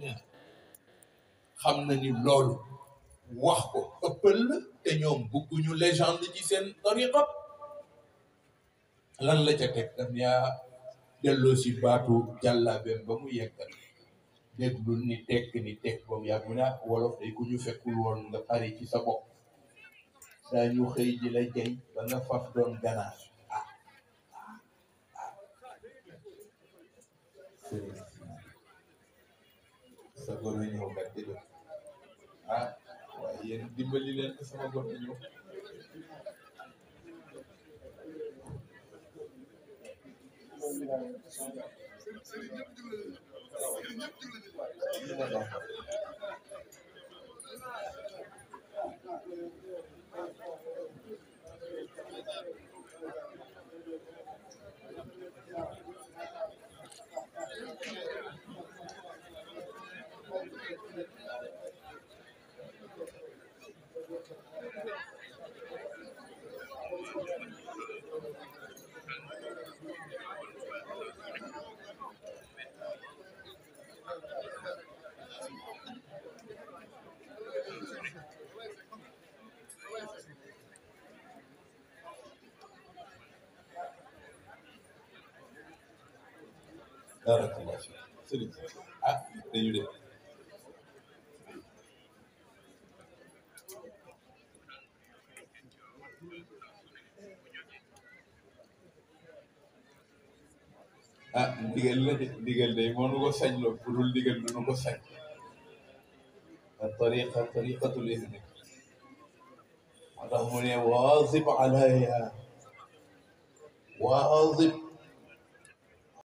ñaar xam na ni loolu wax ko ëppal la te ñoom bëgguñu légende ci seen tariqa lan la ca teg daf yaa delloo si baatu jàllaabeem ba mu yeggal déglu ni tekk ni tekk ba mu yàgg mu wolof day ku ñu fekkul woon nga pare ci sa daa ñu xëy ji la jey ba nga faf doon ganaar ah, ah, ah. góor a ñëw kat di ah waaye dimbali leen sama góor بارك الله فيك سيدي ah ndigal la de ndigal day moo nu ko sañ loo bu dul ndigal du nu ko sañ الطريقة طريقة الإذن رغم واظب عليها واظب